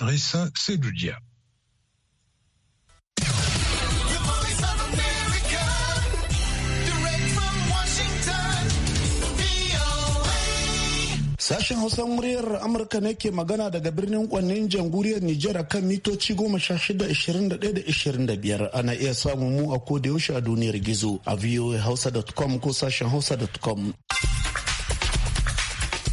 Ressa Sedudia. Sashen Hausa muryar Amurka ne ke magana daga birnin kwannin jamhuriyar Nijar a kan mitoci ishirin da 25 ana iya samun mu a koda yaushe a duniyar gizo a voahausa.com ko sashen hausa.com.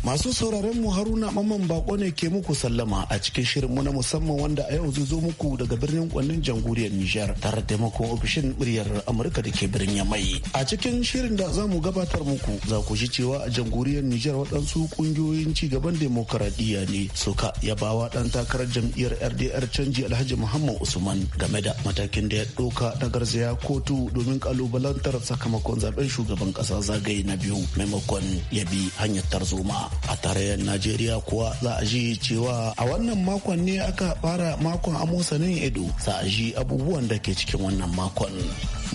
Masu sauraren mu Haruna Mamman Bako ne ke muku sallama a cikin shirinmu na musamman wanda a yau zai zo muku daga birnin kwannin jamhuriyar Nijar tare da taimakon ofishin muryar Amurka da ke birnin Mai. A cikin shirin da za mu gabatar muku za ku ji cewa a jamhuriyar Nijar waɗansu ƙungiyoyin ci gaban demokaradiyya ne suka yabawa ɗan takarar jam'iyyar RDR canji Alhaji Muhammad Usman game da matakin da ya ɗauka na garzaya kotu domin kalubalantar sakamakon zaben shugaban ƙasa zagaye na biyu maimakon ya bi hanyar tarzoma. a tarayyar najeriya kuwa za a ji cewa a wannan makon ne aka fara makon amosanin ido za a ji abubuwan da ke cikin wannan makon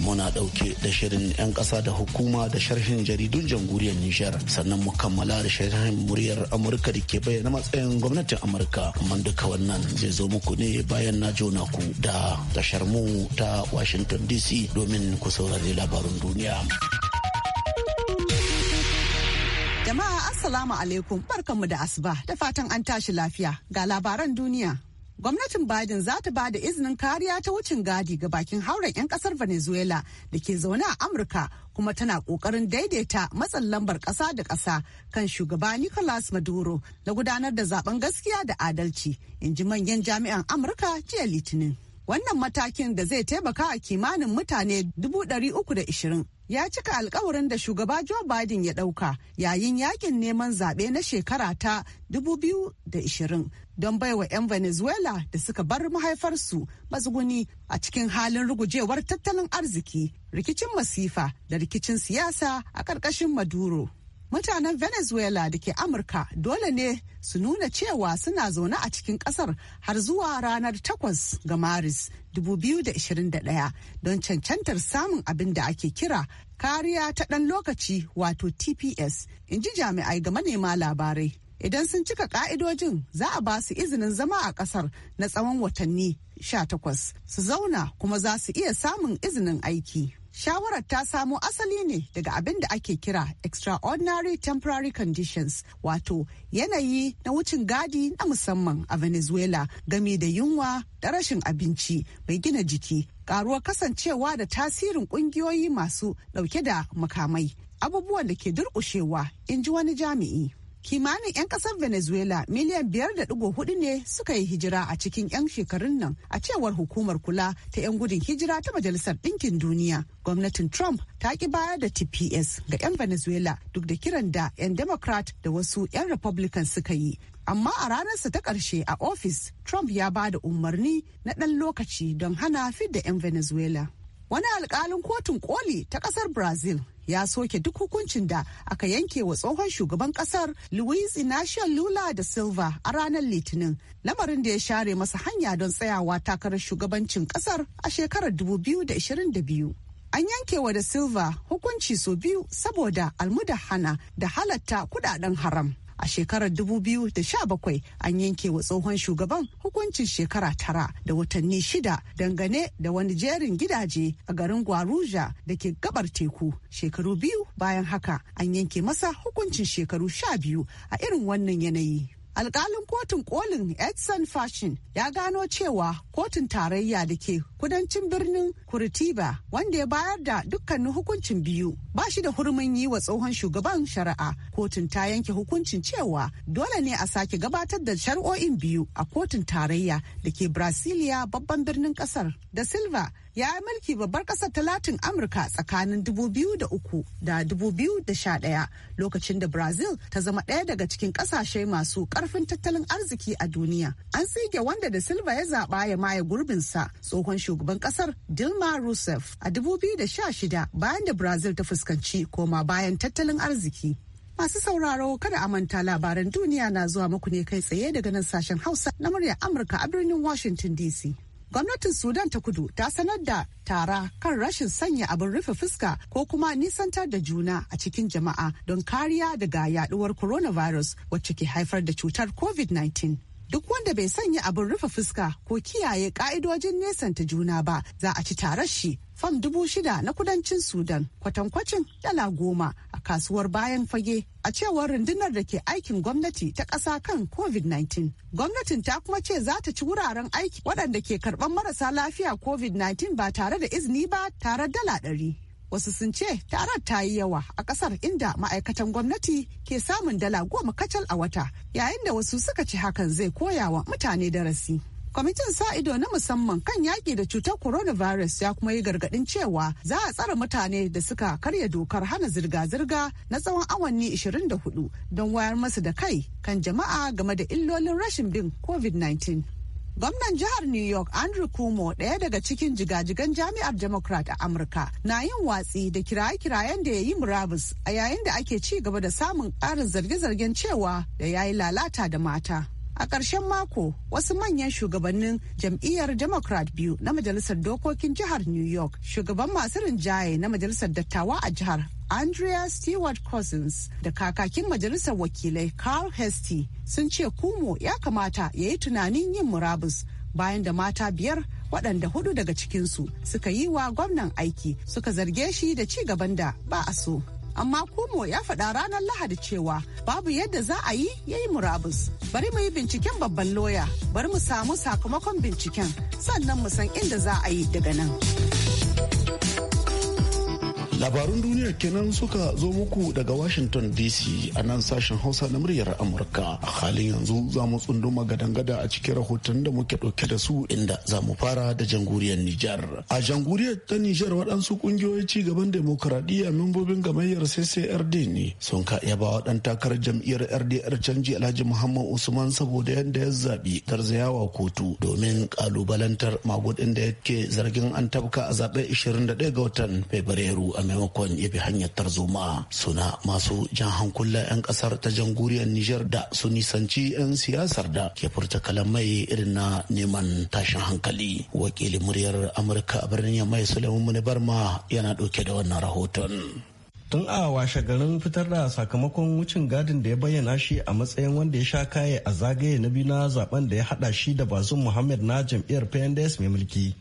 muna ɗauke da shirin 'yan ƙasa da hukuma da sharhin jaridun jamhuriyar nijar sannan mu kammala da sharhin muryar amurka da ke bayyana matsayin gwamnatin amurka amma duka wannan zai zo muku ne bayan na jona ku da tashar mu ta washington dc domin ku saurari labarun duniya. Jama'a Assalamu alaikum barkanmu da asuba da fatan an tashi lafiya ga labaran duniya. Gwamnatin Biden za ta ba da izinin kariya ta wucin gadi ga bakin hauren 'yan kasar Venezuela da ke zaune a Amurka kuma tana kokarin daidaita matsan lambar kasa da kasa kan shugaba Nicolas Maduro na gudanar da zaben gaskiya da adalci, in ji manyan jami'an Amurka jiya Litinin. Wannan matakin da zai taimaka a kimanin mutane 320 ya cika alkawarin da shugaba Joe Biden ya ɗauka yayin yakin neman zaɓe na shekara ta 2020 don baiwa 'yan Venezuela da suka bar mahaifarsu matsuguni a cikin halin rugujewar tattalin arziki, rikicin masifa da rikicin siyasa a ƙarƙashin Maduro. mutanen venezuela da ke amurka dole ne su nuna cewa suna zaune a cikin kasar har zuwa ranar 8 ga maris 2021 don cancantar samun abin da ake kira kariya ta ɗan lokaci wato tps in ji jami'ai ga manema labarai idan sun cika ka'idojin za a ba su izinin zama a kasar na tsawon watanni 18 su zauna kuma za su iya samun izinin aiki Shawarar ta samo asali ne daga abin da ake kira extraordinary temporary conditions wato yanayi na wucin gadi na musamman a Venezuela game da yunwa da rashin abinci mai gina jiki, karuwar kasancewa da tasirin kungiyoyi masu dauke da makamai, abubuwan da ke durkushewa, in ji wani jami'i. kimanin 'yan kasar venezuela miliyan 5.4 ne suka yi hijira a cikin 'yan shekarun nan a cewar hukumar kula ta 'yan gudun hijira ta majalisar ɗinkin duniya gwamnatin trump ta ki bayar da tps ga 'yan venezuela duk da kiran da 'yan democrat da wasu 'yan republican suka yi amma a ranarsa ta ƙarshe a ofis trump ya ba da umarni na ɗan lokaci don hana fidda 'yan venezuela wani alƙalin kotun koli ta ƙasar brazil ya soke duk hukuncin da aka yanke wa tsohon shugaban kasar luis inacio lula da silva a ranar litinin lamarin da ya share masa hanya don tsayawa takarar shugabancin kasar a shekarar 2022 an yanke wa da silva hukunci sau biyu saboda almudahana da halatta kudaden haram a shekarar 2017 an yanke wa tsohon shugaban hukuncin shekara tara da watanni shida dangane da wani jerin gidaje a garin Gwaruja da ke gabar teku. Shekaru biyu bayan haka an yanke masa hukuncin shekaru sha biyu a irin wannan yanayi. alkalin kotun kolin edson fashin ya gano cewa kotun tarayya da ke kudancin birnin kurtiba wanda ya bayar da dukkanin hukuncin biyu ba shi da hurumin yi wa tsohon shugaban shari'a kotun ta yanke hukuncin cewa dole ne a sake gabatar da shari'o'in biyu a kotun tarayya da ke brasilia babban birnin kasar da silva ya yi mulki babbar ƙasar ta latin amurka tsakanin 2003 da 2011 lokacin da brazil ta zama ɗaya daga cikin ƙasashe masu ƙarfin tattalin arziki a duniya an tsige wanda da silva ya zaɓa ya maye gurbinsa tsohon shugaban ƙasar dilma rousseff a 2016 bayan da brazil ta fuskanci koma bayan tattalin arziki Masu sauraro kada a manta labaran duniya na zuwa muku ne kai tsaye daga nan sashen Hausa na murya Amurka a birnin Washington DC. gwamnatin sudan ta kudu ta sanar da tara kan rashin sanya abin rufe fuska ko kuma nisantar da juna a cikin jama'a don kariya daga yaduwar coronavirus wacce ke haifar da cutar covid-19 duk wanda bai sanya abin rufe fuska ko kiyaye ka'idojin nesanta juna ba za a ci tarar shi fam dubu shida na kudancin sudan kwatankwacin dala goma a kasuwar bayan fage a cewar rundunar da ke aikin gwamnati ta ƙasa kan covid-19 gwamnatin ta kuma ce za ta ci wuraren aiki waɗanda ke karɓar marasa lafiya covid-19 ba tare da izini ba tare dala ɗari wasu sun ce tarar ta yi yawa a kasar inda ma'aikatan gwamnati ke samun dala goma kacal a wata yayin da wasu suka ce hakan zai koya wa mutane darasi kwamitin sa ido na musamman kan yaƙi da cutar coronavirus ya kuma yi gargaɗin cewa za a tsare mutane da suka karya dokar hana zirga-zirga na tsawon awanni 24 don wayar masu da kai kan jama'a game da illolin rashin bin covid-19 Gwamnan jihar New York Andrew Cuomo ɗaya daga cikin jigajigan jami'ar Democrat a Amurka na yin watsi da kiraye-kirayen da ya yi murabus a yayin da ake ci gaba da samun ƙarin zarge-zargen cewa da ya yi lalata da mata. A ƙarshen mako, wasu manyan shugabannin jam'iyyar Democrat biyu na Majalisar Dokokin Jihar New York, shugaban masu rinjaye na Majalisar Dattawa a jihar andrea stewart cousins da kakakin majalisar wakilai carl hesty sun ce kumo ya kamata ya yi tunanin yin murabus bayan da mata biyar waɗanda hudu daga cikinsu suka yi wa gwamnan aiki suka zarge shi da ci gaban da ba a so amma kumo ya faɗa ranar lahadi cewa babu yadda za a yi ya yi murabus bari mu yi binciken babban loya bari mu samu sakamakon binciken sannan mu san inda za a yi daga nan. labarun duniya kenan suka zo muku daga washington dc a nan sashen hausa na muryar amurka a halin yanzu za mu tsunduma gadangada a cikin rahoton da muke ɗauke da su inda za mu fara da janguriyar nijar a janguriyar ta nijar waɗansu ƙungiyoyi ci gaban demokuraɗiyya membobin gamayyar ccrd ne sun ka yaba waɗan takarar jam'iyyar rdr canji alhaji muhammad usman saboda yadda ya zaɓi garzayawa kotu domin ƙalubalantar magudin da yake zargin an tabka a zaɓen 21 ga watan fabrairu a maimakon ya bi hanyar tarzoma suna masu jan hankula 'yan kasar ta janguriyar Nijar da su nisanci 'yan siyasar da ke furta kalamai irin na neman tashin hankali. Wakilin muryar Amurka a birnin Yamai Sulaiman Barma yana ɗauke da wannan rahoton. tun a washe garin fitar da sakamakon wucin gadin da ya bayyana shi a matsayin wanda ya sha kaye a zagaye na biyu na zaben da ya hada shi da bazum muhammad na jam'iyyar pnds mai mulki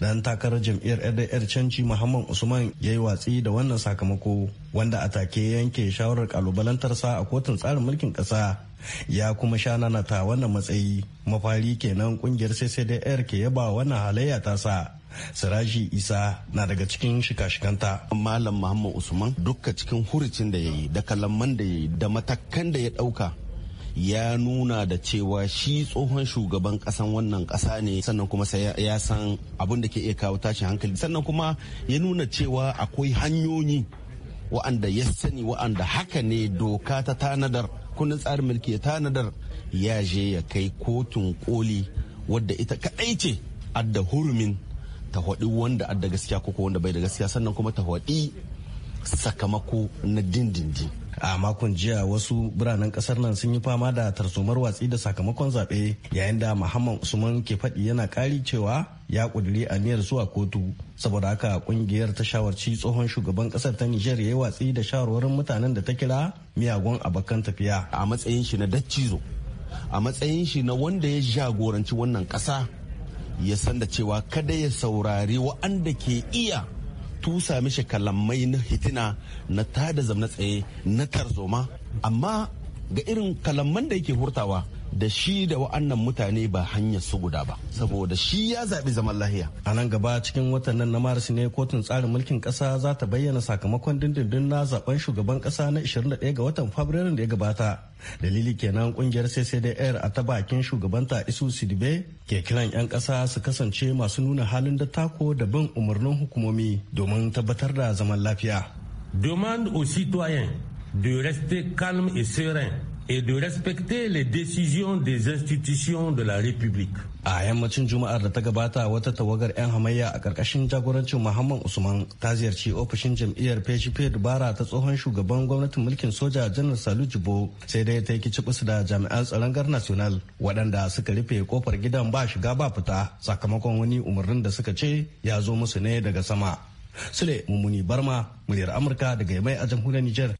dan takarar jam'iyyar ldr canci muhammad usman ya yi watsi da wannan sakamako wanda a take yanke shawarar kalubalantarsa a kotun tsarin mulkin ƙasa ya kuma sha nanata wannan matsayi mafari kenan kungiyar ccdr ke yaba wannan halayya ta sa Siraji Isa na daga cikin shika-shikanta. Malam Muhammad Usman dukka cikin huricin da ya yi da kalamman da ya yi da matakan da ya ɗauka ya nuna da cewa shi tsohon shugaban kasan wannan kasa ne sannan kuma ya san abin da ke iya kawo tashin hankali sannan kuma ya nuna cewa akwai hanyoyi wa'anda ya sani wa'anda haka ne doka ta tanadar kundin tsarin mulki ya tanadar ya je ya kai kotun koli wadda ita kadai ce adda hurumin ta wanda adda gaskiya ko wanda bai da gaskiya sannan kuma ta sakamako na dindindin a makon jiya wasu biranen kasar nan sun yi fama da tarzomar watsi da sakamakon zaɓe yayin da muhammad usman ke faɗi yana ƙari cewa ya ƙudiri aniyar zuwa kotu saboda haka ƙungiyar ta shawarci tsohon shugaban kasar ta nijar ya yi watsi da shawarwarin mutanen da ta kira miyagun abakan tafiya a matsayin shi na daccizo a matsayin shi na wanda ya jagoranci wannan ƙasa ya san da cewa kada ya saurari wa'anda ke iya tusa mishi kalamai na hitina na tada zamna tsaye na tarzoma amma ga irin kalamman da yake hurtawa da shi da wa'annan mutane ba hanyar su guda ba saboda shi ya zaɓi zaman lahiya a nan gaba cikin watan na maris ne kotun tsarin mulkin ƙasa za ta bayyana sakamakon dindindin na zaben shugaban ƙasa na 21 ga watan fabrairun da ya gabata dalili kenan kungiyar ccdr a ta bakin shugabanta isu sidibe ke kiran 'yan ƙasa su kasance masu nuna halin da tako da bin umarnin hukumomi domin tabbatar da zaman lafiya demande aux citoyens de rester et et de respecter les décisions des institutions de la République. A yammacin Juma'ar da ta gabata wata tawagar 'yan hamayya a ƙarƙashin jagorancin Muhammad Usman ta ziyarci ofishin jam'iyyar PHP dubara ta tsohon shugaban gwamnatin mulkin soja janar Salu Jibo sai dai ta yi kusa da jami'an tsaron gar national waɗanda suka rufe kofar gidan ba shiga ba fita sakamakon wani umarnin da suka ce ya zo musu ne daga sama. Sule Mummuni Barma, muryar Amurka daga Yamai a jamhuriyar Nijar.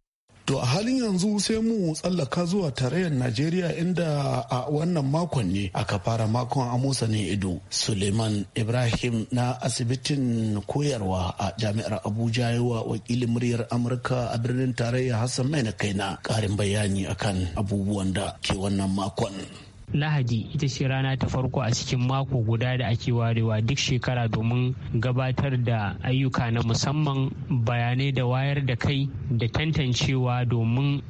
To a halin yanzu sai mu tsallaka zuwa tarayyar Najeriya inda a wannan makon ne aka fara makon amosa ne ido. Suleiman Ibrahim na asibitin koyarwa a jami'ar Abuja yawa wakilin muryar Amurka a birnin tarayya Hassan Mai na kaina karin bayani akan abubuwan da ke wannan makon. lahadi ita ce rana ta farko a cikin mako guda da ake warewa duk shekara domin gabatar da ayyuka na musamman bayanai da wayar da kai da tantancewa domin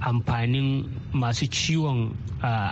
amfanin masu ciwon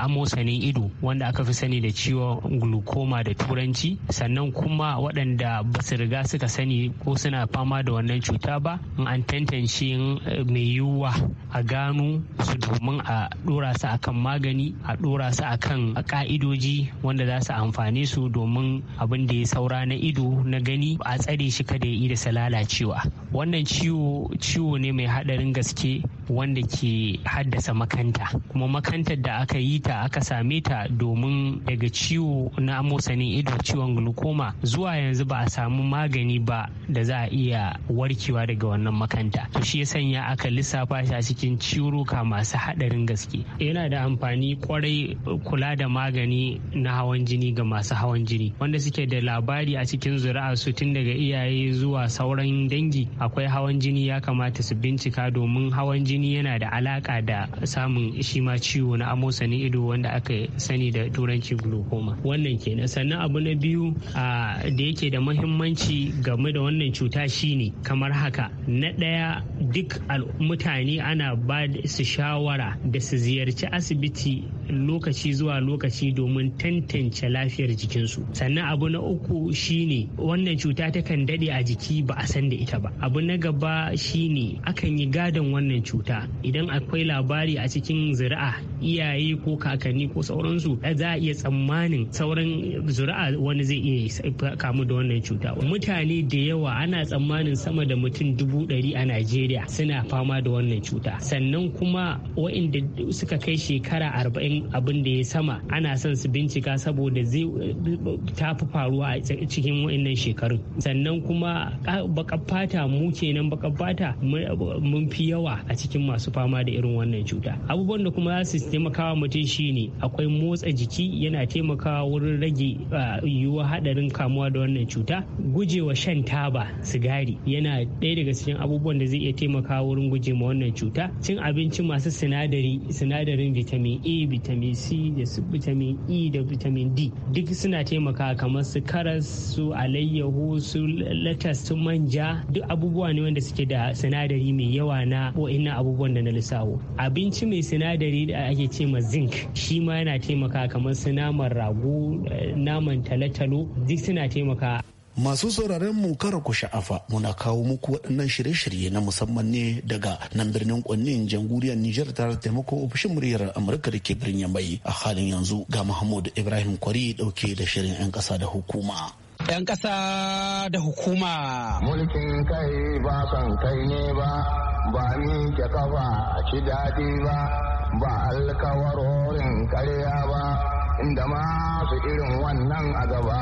amosanin ido wanda aka fi sani da ciwon glaucoma da turanci sannan kuma waɗanda ba su riga suka sani ko suna fama da wannan cuta ba in an tantance eh, mai yiwuwa a gano su domin a ɗora su akan magani a ɗora su a kan ƙa'idoji wanda za su amfane su domin abin da ya saura na ido na gani a tsare shi kada ya da sa lalacewa wannan ciwo ciwo ne mai haɗarin gaske wanda ke haddasa makanta kuma makantar da aka yi ta aka same ta domin daga ciwo na amosanin ido ciwon glaucoma zuwa yanzu ba a samu magani ba da za a iya warkewa daga wannan makanta to shi ya sanya aka lissafa shi a cikin ciwuruka masu hadarin gaske yana da amfani kwarai kula da magani na hawan jini ga masu hawan jini wanda suke da labari a cikin zuri'a su tun daga iyaye zuwa sauran dangi akwai hawan jini ya kamata su bincika domin hawan jini jini yana da alaka da samun shi ma ciwo na amosanin ido wanda aka sani da turanci glaucoma wannan kenan sannan abu na biyu da yake da mahimmanci game da wannan cuta shine kamar haka na ɗaya duk mutane ana ba su shawara da su ziyarci asibiti lokaci zuwa lokaci domin tantance lafiyar jikinsu sannan abu na uku shine wannan cuta ta kan daɗe a jiki ba a san da ita ba abu na gaba shine akan yi gadon wannan cuta rubuta idan akwai labari a cikin zuri'a iyaye ko kakanni ko sauransu eh, za a iya tsammanin sauran zuri'a wani zai iya kamu da wannan cuta mutane da yawa ana tsammanin sama da mutum dubu ɗari a najeriya suna fama da wannan cuta sannan kuma waɗanda suka kai shekara arba'in abin da ya sama ana son su bincika saboda zai tafi faruwa a cikin waɗannan shekarun sannan kuma ah, baka fata mu kenan baka fata mun fi yawa a cikin cikin masu fama da irin wannan cuta abubuwan da kuma za su taimakawa mutum shine akwai motsa jiki yana taimakawa wurin rage yiwuwa hadarin kamuwa da wannan cuta gujewa shan taba sigari yana ɗaya daga cikin abubuwan da zai iya taimakawa wurin guje ma wannan cuta cin abinci masu sinadari sinadarin vitamin a vitamin c da su vitamin e da vitamin d duk suna taimakawa kamar su karas su alayyahu su latas su manja duk abubuwa ne wanda suke da sinadari mai yawa na ko ina abubuwan da na lissawo abinci mai sinadari da ake ce ma zinc shi ma yana taimaka kamar su naman rago eh, naman talotalo duk suna taimaka Masu sauraren mu kara ku sha'afa muna kawo muku waɗannan shirye-shirye na musamman ne daga nan birnin kwannin jamhuriyar Nijar tare taimako ofishin muryar Amurka da ke birnin mai a halin yanzu ga mahmud Ibrahim Kwari dauke da shirin 'yan ƙasa da hukuma. 'Yan ƙasa da hukuma. Mulkin kai ba kai ne ba ba ke kafa a ci daɗi ba ba alkawarorin karya ba inda masu irin wannan a gaba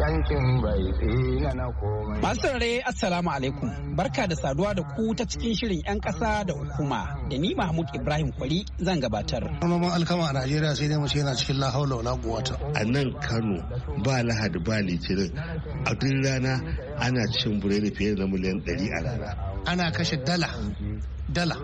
yankin bai tsina na komai. Masu saurare Assalamu alaikum. Barka da saduwa da ku ta cikin shirin 'yan ƙasa da hukuma da ni Mahmud Ibrahim Kwari zan gabatar. Noman alkama a Najeriya sai dai mace yana cikin lahaula wala guwata. A nan Kano ba Lahadi ba Litinin a duk rana ana cin buredi fiye da miliyan ɗari a rana. Ana kashe dala dala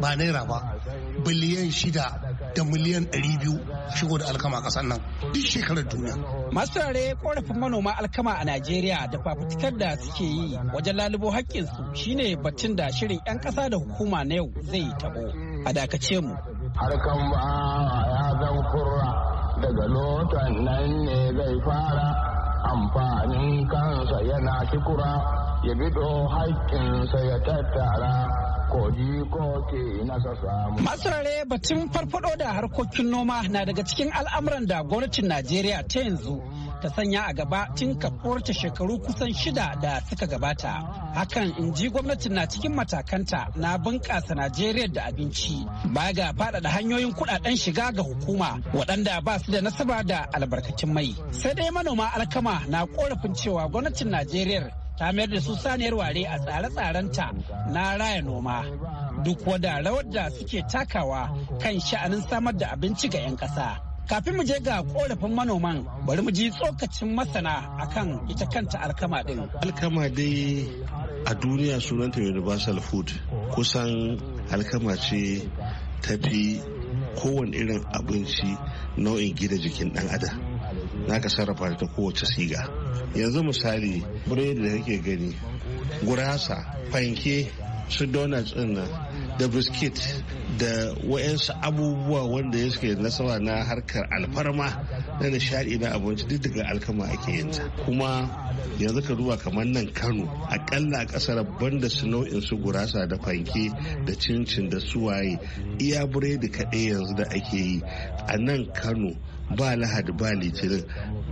ba naira ba biliyan shida da miliyan 200 shigo da alkama kasar nan duk shekarar duniya. Masu korafin manoma alkama a Najeriya da fafutukar da suke yi wajen lalubo haƙƙinsu shine batun da shirin 'yan ƙasa da hukuma na yau zai taɓo. A dakace mu. Harkan ba ya zan kurra daga lotan nan ne zai fara amfanin kansa yana shikura ya bido haƙƙinsa ya tattara. Masarare batun farfado da harkokin noma na daga cikin al'amuran da gwamnatin Najeriya ta yanzu ta sanya a gaba tun ta shekaru kusan shida da suka gabata. Hakan in ji gwamnatin na cikin matakanta na bunƙasa Najeriya da abinci baya ga faɗaɗa hanyoyin kuɗaɗen shiga ga hukuma waɗanda ba su da nasaba da albarkatun mai. Sai dai manoma alkama na ƙorafin cewa gwamnatin Najeriya ta mayar da su saniyar ware a tsare-tsarenta na raya noma duk wada rawar da suke takawa kan sha'anin samar da abinci ga 'yan kasa Kafin mu je ga korafin manoman bari mu ji tsokacin masana akan ita kanta alkama din. Alkama dai a duniya sunanta universal food kusan alkama ce tafi kowane irin abinci nau'in gida jikin dan adam. Naka sarrafa ta kowace siga. yanzu misali biredi da kake gani gurasa fanke su donuts din da biskit da wayansu abubuwa wanda ya suke nasara na harkar alfarma na nishadi na abinci duk daga alkama ake yin kuma yanzu ka duba kamar nan kano akalla a kasar banda su nau'in su gurasa da fanke da cincin da suwaye iya biredi kaɗai yanzu da ake yi a nan kano ba lahadi ba litinin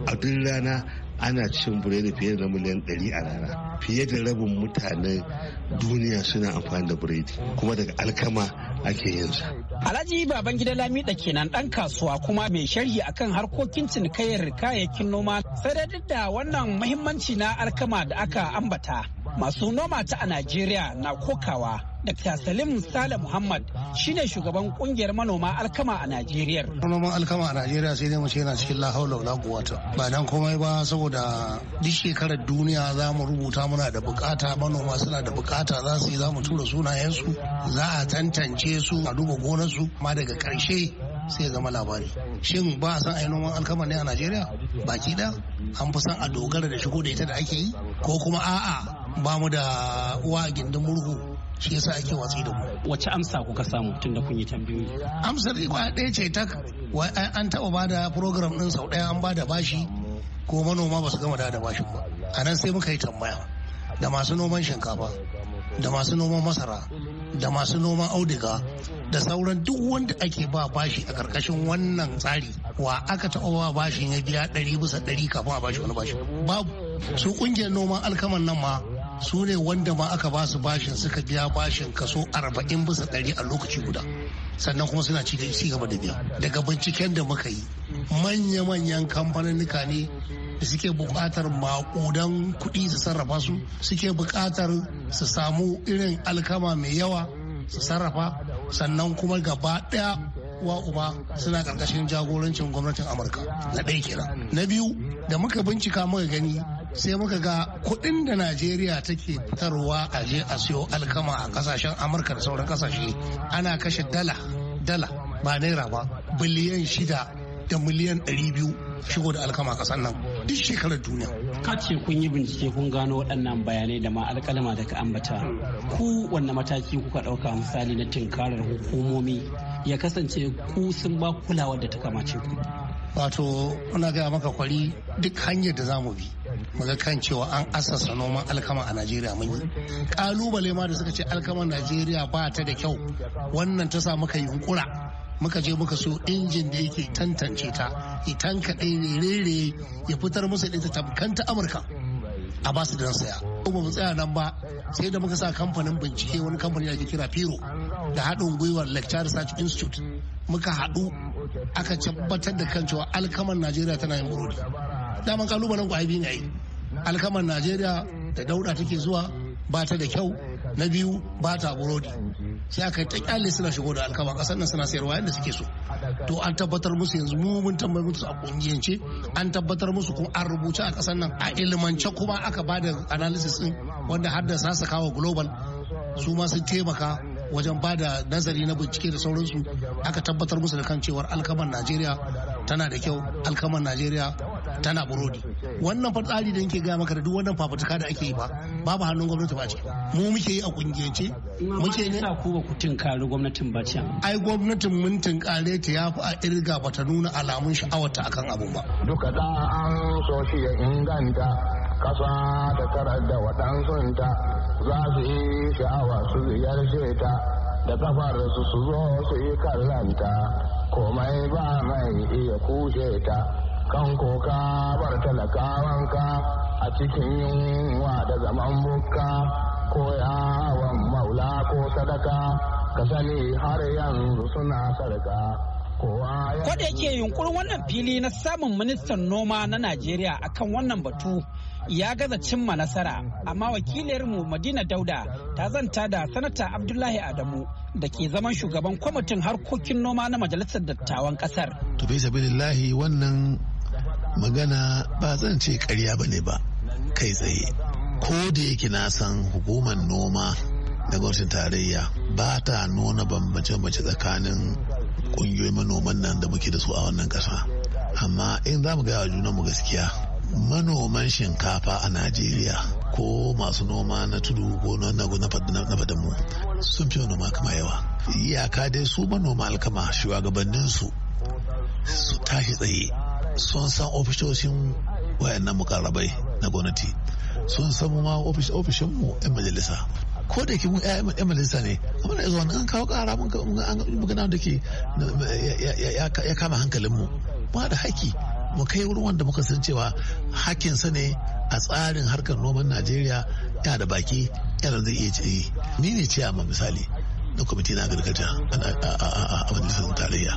a duk rana ana cin biredi fiye da miliyan 100 a rana fiye da rabin mutanen duniya suna amfani da biredi kuma daga alkama ake yin sa alhaji baban gida lamida kenan dan kasuwa kuma mai sharhi akan harkokin cinikayyar kayayyakin noma sai da duk da wannan muhimmanci na alkama da aka ambata masu noma ta a najeriya na kokawa Dr. Salim Sale Muhammad shi ne shugaban kungiyar manoma alkama a Najeriya. Manoman alkama a Najeriya sai dai mace yana cikin lahaula wala guwata. Ba nan komai ba saboda duk shekarar duniya za mu rubuta muna da bukata manoma suna da bukata za su yi za mu tura sunayensu za a tantance su a duba gonarsu ma daga karshe sai zama labari shin ba a san ainihin noman alkama ne a najeriya baki da an fi san a dogara da shigo da ita da ake yi ko kuma a'a ba mu da uwa gindin murhu shi yasa ake watsi da mu wace amsa kuka samu tun da kun yi tambayoyi amsar ba ɗaya ce ta an taɓa ba da program ɗin sau ɗaya an ba da bashi ko manoma ba su gama da bashin ba a nan sai muka yi tambaya da masu noman shinkafa da masu noman masara da masu noman audiga da sauran duk wanda ake ba bashi a karkashin wannan tsari wa aka taɓa ba bashin ya biya ɗari bisa ɗari kafin a bashi wani bashi babu su ƙungiyar noman alkaman nan ma su ne wanda ma aka ba su bashin suka biya bashin kaso arba'in bisa ɗari a lokaci guda sannan kuma suna ci gaba da biya daga binciken da muka yi manya-manyan kamfanin ne da suke buƙatar maƙudan kuɗi su sarrafa su suke buƙatar su samu irin alkama mai yawa su sarrafa sannan kuma gaba ɗaya wa uba suna ƙarƙashin jagorancin gwamnatin amurka na ɗaya kenan na biyu da muka bincika muka gani sai muka ga kuɗin da najeriya take fitarwa a je a siyo alkama a ƙasashen amurka da sauran ƙasashe ana kashe dala dala ba naira ba biliyan shida da miliyan ɗari biyu shigo da alkama ƙasar nan duk shekarar duniya ka ce kun yi bincike kun gano waɗannan bayanai da ma alƙalama da ka ambata ku wanne mataki kuka ɗauka misali na tinkarar hukumomi ya kasance ku sun ba kulawar da ta kamace ku wato muna gaya maka kwari duk hanyar da za mu bi muga kan cewa an asasa noman alkama a najeriya mun yi kalubale ma da suka ce alkaman najeriya ba ta da kyau wannan ta sa muka yunkura muka je muka so injin da yake tantance ta itan kaɗai rere ya fitar musu ɗinta tamkan ta amurka a ba su dan saya kuma mu tsaya nan ba sai da muka sa kamfanin bincike wani kamfanin da ake kira firo da haɗin gwiwar lecture research institute muka haɗu aka tabbatar da kan cewa alkaman najeriya tana yin burodi daman kalubalen ku bi ne alkaman najeriya da dauda take zuwa ba ta da kyau na biyu ba ta burodi sai aka ta kyale suna shigo da alkama kasar nan suna sayarwa yadda suke so to an tabbatar musu yanzu mu mun tambayi musu a kungiyance an tabbatar musu kuma an rubuce a kasar nan a ilimance kuma aka ba da analysis din wanda har da sasa kawo global su ma sun taimaka wajen ba da nazari na bincike da sauransu aka tabbatar musu da kan cewar alkaman najeriya tana da kyau alkaman najeriya tana burodi wannan fa tsari da nke gaya maka da duk wannan fafutuka da ake yi ba babu hannun gwamnati ba ce mu muke yi a kungiyance muke ne ku ba ku tinkari gwamnatin ba ce ai gwamnatin mun tinkare ta yafi a irga bata nuna alamun sha'awarta akan abun ba duka da an so shi ya inganta kasa ta tarar da waɗansunta za su yi sha'awa su ziyarce ta da kafar su su zo su yi kallanta komai ba mai iya kushe ta kan koka bar talakawanka a cikin yunwa da zaman buka ko yawon maula ko sadaka ka sani har yanzu suna sarka. Ko da yake yunkurin wannan fili na samun ministan noma na Najeriya akan wannan batu ya gaza cimma nasara, amma mu Madina Dauda ta zanta da Sanata Abdullahi Adamu da ke zaman shugaban kwamitin harkokin noma na Majalisar Dattawan Kasar. To wannan magana ba zan ce karya ba ne ba kai tsaye ko da yake na san hukumar noma na gwamnatin tarayya ba ta nuna bambance mace tsakanin ƙungiyoyin manoman nan da muke da su a wannan ƙasa amma in za mu gaya wa mu gaskiya manoman shinkafa a najeriya ko masu noma na tudu ko na mu sun fi noma kama yawa iyaka dai su manoma alkama shugabanninsu su tashi tsaye sun san ofishoshin wayannan mukarrabai na gwamnati sun san ma ofishin mu yan majalisa ko da ke mu yan majalisa ne kuma da zuwa an kawo kara mun an magana da ke ya kama hankalin mu ba da haki mu kai wurin wanda muka san cewa sa ne a tsarin harkar noman najeriya ya da baki yana zai iya ce ni ne ce amma misali na kwamiti na gargajiya a majalisar tarayya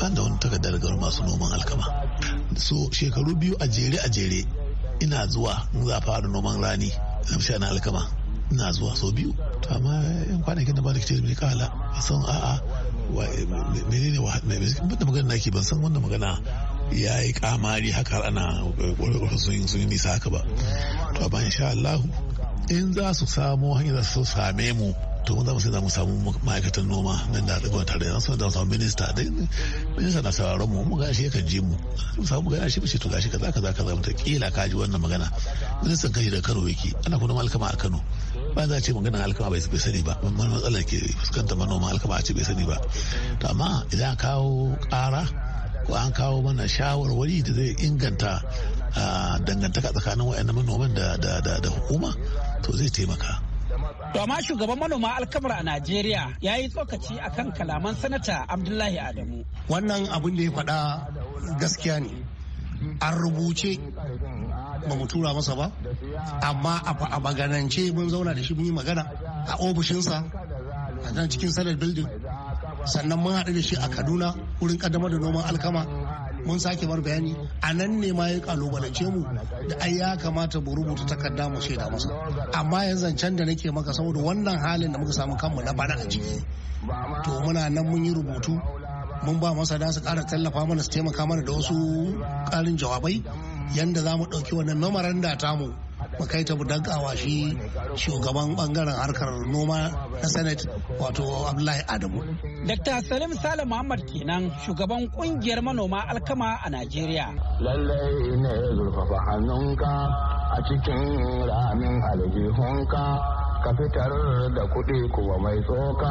ban da wani takardar masu noman alkama so shekaru biyu a jere a jere ina zuwa in za fara noman rani na fi na alkama ina zuwa so biyu to amma yan kwanakin da ba da kitar mai kala a san a'a menene wanda magana ke ban san wanda magana ya yi kamari haka ana sun yi nisa haka ba to amma insha Allah in za su samo hanyar su same mu to mun zama sai za mu samu ma'aikatan noma nan da daga tare da sun da samu minista da minista na sauraron mu mu ga shi yakan je mu mu samu gana shi to gashi kaza kaza kaza mu kila ka ji wannan magana ministan kashi da Kano yake ana kuma alkama a Kano ba za a ce maganar alkama bai sani ba ban matsalar ke fuskanta manoma alkama a ce bai sani ba to amma idan kawo ƙara ko an kawo mana shawarwari da zai inganta ah, dangantaka tsakanin wa'annan manoman da hukuma to zai taimaka To amma shugaban manoma alkamar a Najeriya ya yi tsokaci a kan kalaman sanata Abdullahi Adamu. Wannan abin da ya faɗa gaskiya ne. An rubuce ba mu tura masa ba, amma a maganance mun zauna da shi mun yi magana a ofishinsa a nan cikin sanar bildin sannan mun haɗu da shi a Kaduna wurin ƙaddamar da noman alkama mun sake bar bayani a nan ne ma ya kalubalance mu da ai ya kamata mu rubuta takarda mu shaida masa amma yanzu zancen da nake maka saboda wannan halin da muka samu kanmu na bana a ciki to muna nan mun yi rubutu mun ba masa da su kara tallafa mana su taimaka mana da wasu ƙarin jawabai yanda za mu ɗauki wannan memoranda tamu makaita budankawa shi shugaban bangaren harkar noma na senate wato abdullahi adamu dr salim sale muhammad kenan shugaban kungiyar manoma alkama a najeriya lallai ne zurfafa hannunka a cikin ramin aljihunka ka fitar da kuɗi kuma mai tsoka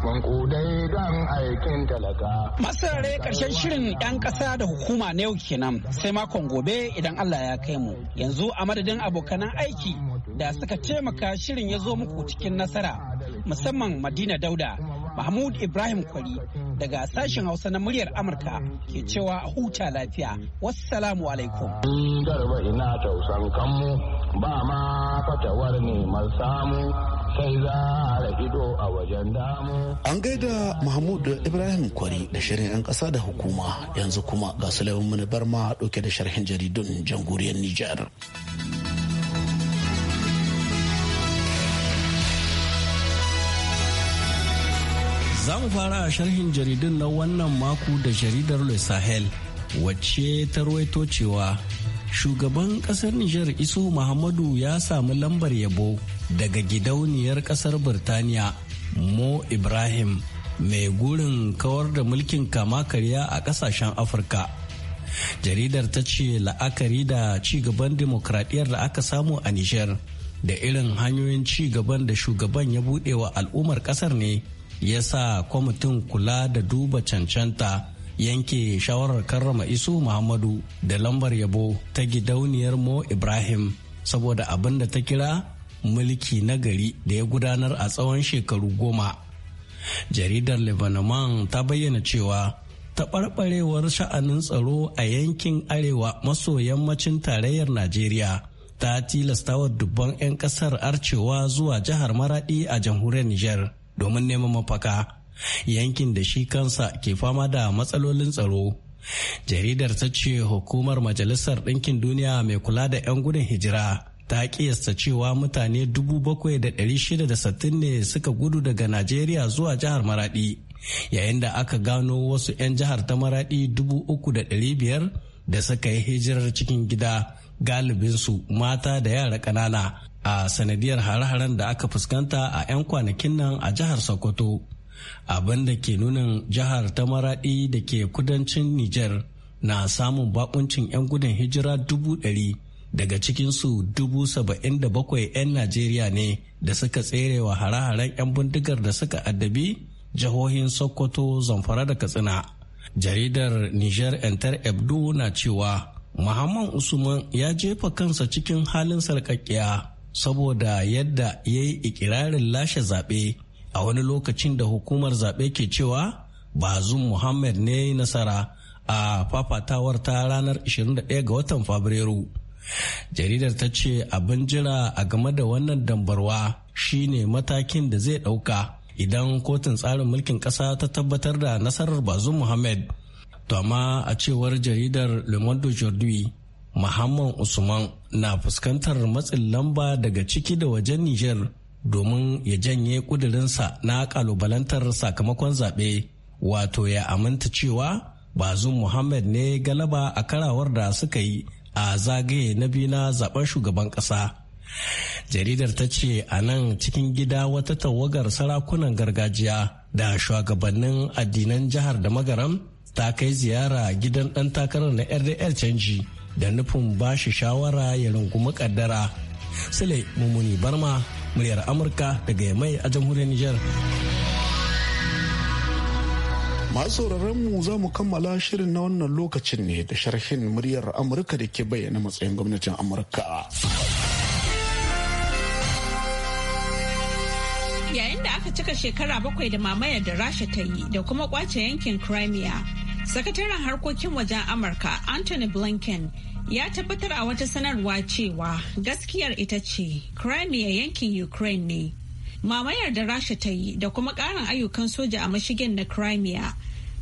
dai don aikin talaka. Masarare karshen shirin 'yan ƙasa da hukuma na yau kenan sai makon gobe idan Allah ya kai mu. Yanzu a madadin abokanan aiki da suka taimaka shirin ya zo muku cikin nasara musamman Madina Dauda. Mahmud Ibrahim Kwari daga sashen Hausa na muryar Amurka ke cewa huta lafiya. Wassalamu alaikum. Garba ina tausan kanmu ba ma fatawar samu sai ido a wajen damu. An gaida Mahmud Ibrahim Kwari da shirin 'yan ƙasa da hukuma yanzu kuma ga Sulaiman Muni Barma ɗauke da sharhin jaridun jamhuriyar Nijar. Za mu fara sharhin jaridun na wannan mako da jaridar Le Sahel wacce ta ruwaito cewa shugaban kasar Nijar Iso Muhammadu ya samu lambar yabo daga gidauniyar kasar Birtaniya Mo Ibrahim mai gurin kawar da mulkin kama karya a kasashen Afirka. Jaridar ta ce la'akari da ci gaban demokradiyyar da aka samu a Nijar da irin hanyoyin ci gaban da shugaban ya buɗewa wa al'ummar kasar ne. ya sa kwamitin kula da duba cancanta yanke shawarar karrama isu muhammadu da lambar yabo ta gidauniyar mo ibrahim saboda abin da ta kira mulki na gari da ya gudanar a tsawon shekaru goma jaridar lebanon ta bayyana cewa taɓarɓarewar sha'anin tsaro a yankin arewa maso yammacin tarayyar najeriya ta tilastawa dubban 'yan ƙasar arcewa zuwa jihar maradi a jamhuriyar niger domin neman mafaka yankin da shi kansa ke fama da matsalolin tsaro jaridar ta ce hukumar majalisar ɗinkin duniya mai kula da 'yan gudun hijira ta kiyasta cewa mutane 7,660 ne suka gudu daga najeriya zuwa jihar maradi yayin da aka gano wasu 'yan jihar ta maradi 3,500 da suka yi hijirar cikin gida galibinsu mata da yara ƙanana a sanadiyar hare-haren da aka fuskanta a 'yan kwanakin nan a jihar Sokoto. Abin da ke nunin jihar ta maraɗi da ke kudancin Nijar na samun bakuncin 'yan gudun hijira dubu ɗari daga cikinsu dubu saba'in da bakwai 'yan Najeriya ne da suka tsere wa hare-haren 'yan bindigar da suka addabi jihohin Sokoto, Zamfara da Katsina. Jaridar Nijar Enter Ebdo na cewa Muhammad Usman ya jefa kansa cikin halin sarƙaƙƙiya saboda yadda ya yi ikirarin lashe zaɓe a wani lokacin da hukumar zaɓe ke cewa bazum muhammad ne nasara a fafatawar ta ranar 21 ga watan fabrairu jaridar ta ce abin jira a game da wannan dambarwa shine matakin da zai ɗauka idan kotun tsarin mulkin ƙasa ta tabbatar da nasarar bazum muhammad to amma a cewar jaridar le monde Muhammad Usman na fuskantar matsin lamba daga ciki da wajen Nijar domin ya janye ƙudirinsa na kalubalantar sakamakon zaɓe wato ya aminta cewa bazun Muhammad ne galaba a karawar da suka yi a zagaye na biyu na zaben shugaban ƙasa. jaridar ta ce a nan cikin gida wata tawagar sarakunan gargajiya da shugabannin addinan jihar da magaram ta kai ziyara gidan ɗan takarar na rdl canji da nufin ba shi shawara ya rungumi kaddara sule mummuni barma muryar amurka daga mai a jamhuriyar nijar. masu mu za mu kammala shirin na wannan lokacin ne da sharhin muryar amurka da ke bayyana matsayin gwamnatin amurka yayin da aka cika shekara bakwai da mamayar da rasha ta yi da kuma kwace yankin crimea sakataren harkokin wajen amurka anthony blinken ya tabbatar a wata sanarwa cewa gaskiyar ita ce crimea yankin ukraine ne mamayar da rasha ta yi da kuma karin ayyukan soja a mashigin na crimea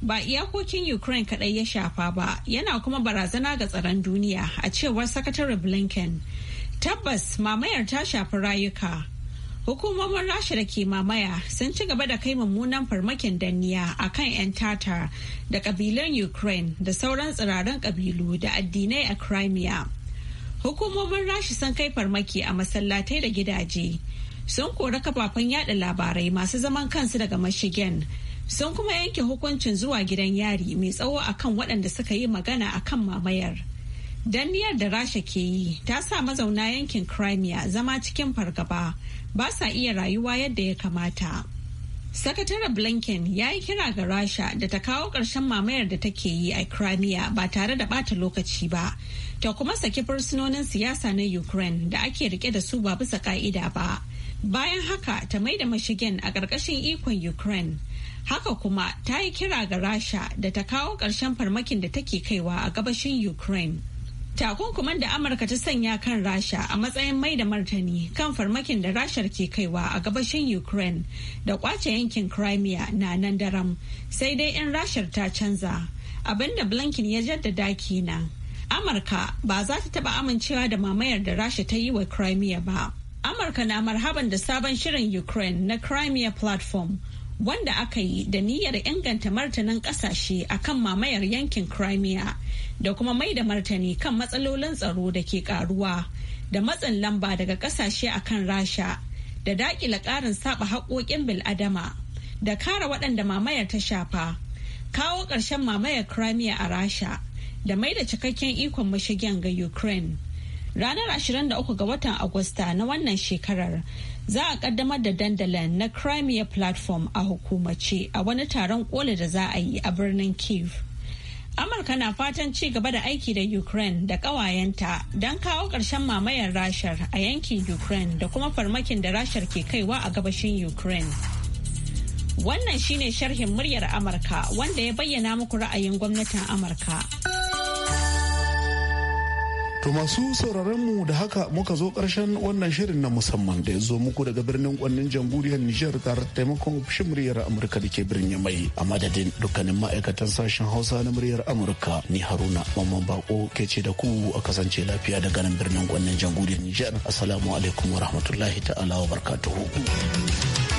ba iyakokin ukraine kadai ya shafa ba yana kuma barazana ga tsaron duniya a cewar sakatare blinken tabbas mamayar ta shafi rayuka Hukumomin Rasha da ke mamaya sun ci gaba da kai mummunan farmakin danniya a kan 'yan Tatar da kabilan Ukraine da sauran tsiraran kabilu da addinai a Crimea. Hukumomin Rasha sun kai farmaki a masallatai da gidaje. Sun kori kafafen yada labarai masu zaman kansu daga mashigen. Sun kuma yanke hukuncin zuwa gidan yari mai tsawo akan waɗanda suka yi magana a kan mamayar. Danniyar da Rasha ke yi ta sa mazauna yankin Crimea zama cikin fargaba ba sa iya rayuwa yadda ya kamata. Sakataren Blinken ya yi kira ga Rasha da ta kawo ƙarshen mamayar da take yi a Crimea ba tare da ɓata lokaci ba, ta kuma saki fursunonin siyasa na Ukraine da ake rike da su ba bisa ƙa'ida ba. Bayan haka ta maida mashigin a ƙarƙashin ikon Ukraine. Haka kuma ta yi kira ga Rasha da ta kawo ƙarshen farmakin da take kaiwa a gabashin Ukraine. Takunkuman da Amurka ta sanya kan Rasha a matsayin mai da martani kan farmakin da Rashar ke kaiwa a gabashin Ukraine da kwace yankin Crimea na nan daram sai dai in Rashar ta canza abinda Blinken ya jaddada kenan. Amurka ba za ta taba amincewa da mamayar da Rasha ta yi wa Crimea ba. Amurka na marhaban da sabon shirin Ukraine na Crimea Platform wanda aka yi da niyyar inganta martanin kasashe a kan mamayar yankin Crimea da kuma mai da martani kan matsalolin tsaro da ke karuwa da matsin lamba daga kasashe a kan Rasha da dakila karin saba haƙoƙin bil'adama da kara waɗanda mamayar ta shafa kawo ƙarshen mamayar Crimea a Rasha da mai da cikakken ikon mashigin ga Ukraine. Ranar 23 ga watan Agusta na wannan shekarar za a kaddamar da dandalin na Crimea Platform a hukumace a wani taron kola da za a yi a birnin Kiev. Amurka na fatan ci gaba da aiki da Ukraine da kawayenta don kawo ƙarshen mamayar rashar a yankin Ukraine da kuma farmakin da rashar ke kaiwa a gabashin Ukraine. Wannan shine sharhin muryar Amurka wanda ya bayyana muku ra'ayin gwamnatin Amurka. To masu sauraron mu da haka muka zo ƙarshen wannan shirin na musamman da ya zo muku daga birnin kwannin jamhuriyar Nijar tare da taimakon ofishin muryar Amurka da ke birnin mai a madadin dukkanin ma'aikatan sashen Hausa na muryar Amurka ni Haruna Mamman Bako ke ce da ku a kasance lafiya daga nan birnin kwannin jamhuriyar Nijar. Assalamu alaikum wa rahmatullahi ta'ala wa barakatuhu.